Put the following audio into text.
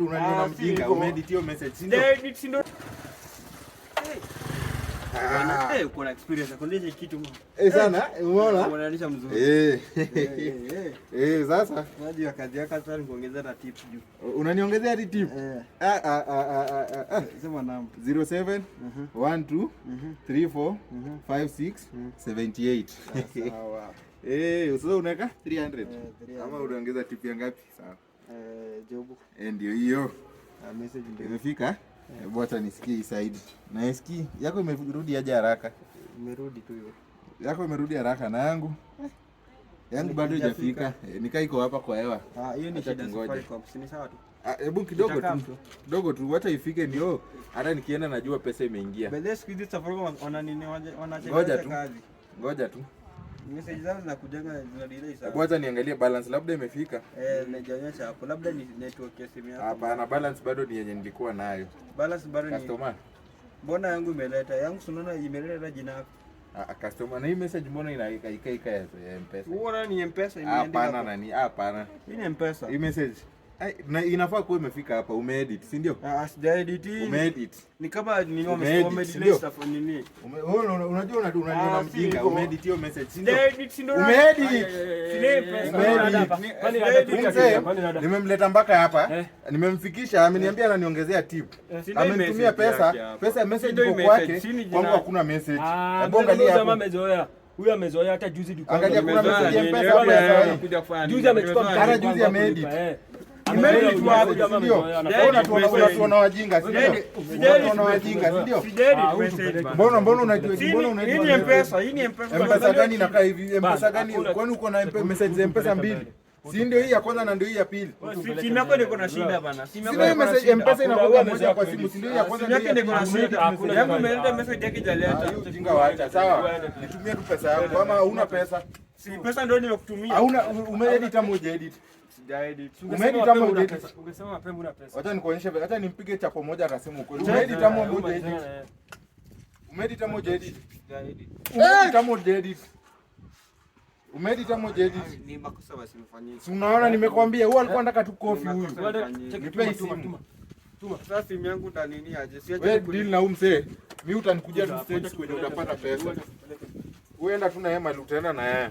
Unanena ah, mjinga, umeedit hiyo message, si ndio? Ndio, eh, si ndio. Ah. Eh, eh, sasa Unaniongezea hadi tip? Ah 78. sasa unaweka 300. ama unaongeza tip ya ngapi? Sawa. Eh, Jobu. Eh, ndio hiyo. Na ah, message ndio imefika. Hebu eh. eh, acha nisikie Said. Na isikii yako imerudi aje haraka? Imerudi tu hiyo. Yako imerudi haraka na yangu. Yangu bado haijafika. Nikaa iko hapa kwa hewa. Ah, hiyo ni shida ngoja. Ni sawa tu. Ah, hebu kidogo tu. Kidogo tu hata ifike ndio hata nikienda najua pesa imeingia. Bele siku hizi Safaricom wana nini wanaje kazi. Ngoja tu. Ngoja tu. Message zangu zinakujanga zina delay sana. Hebu niangalie balance labda imefika. Eh, nimejionyesha hapo. Labda ni network ya simu yako. Hapana, balance bado ni yenye nilikuwa nayo. Balance bado ni customer. Mbona yangu imeleta? Yangu sunona imeleta jina yako. Ah, ah, customer na hii message mbona inaikaika ika ya M-Pesa? Unaona ni M-Pesa imeandika. Hapana nani? Hapana. Hii ni M-Pesa. Hii message. Eh, na inafaa kuwa imefika hapa, umeedit si ndio? Ah, sijaedit. Umeedit. Ni kama nini nini? Unajua unajua ah, mjinga, umeedit hiyo message si ndio? Umeedit. Nimemleta mpaka hapa, eh. nimemfikisha, ameniambia ananiongezea tip. Eh, Amenitumia pesa, pesa message kwa kwake, kwangu hakuna message. Ah, Bonga hapo. Huyu amezoea hata juzi dukani. Angalia kuna message ya pesa. Juzi amechukua. Juzi ameedit. Tunaona wajinga, mbona mbona unajua Mpesa gani inakaa hivi? Mpesa gani? Kwani uko na message Mpesa mbili? Si ndio hii ya kwanza na ndio hii ya pili. Simu yako ndio kuna shida bana. Simu yako message Mpesa inakuwa moja kwa simu, si ndio ya kwanza ndio ndio kuna shida. Yangu imeleta message yake jaleta. Ujinga waacha. Sawa. Nitumie tu pesa yangu. Kama huna pesa Si pesa ndio nimekutumia. Hauna umeedit ama hujaedit? Sijaedit. Umeedit ama hujaedit? Ungesema mapema una pesa. Acha nikuonyeshe, acha nimpige chapo moja akasema ukweli. Umeedit ama hujaedit? Umeedit ama hujaedit? Sijaedit. Umeedit ama hujaedit? Umeedit ama hujaedit? Ni makosa basi umefanyika. Si unaona nimekwambia, huyu alikuwa anataka tu kofi huyu. Nipe simu. Tuma Tuma. sasa simu yangu ndanini aje? Siache. Wewe deal na huyu mzee. Mimi utanikujia tu stage kwenye utapata pesa. Uenda tu na yeye mali utaenda na yeye.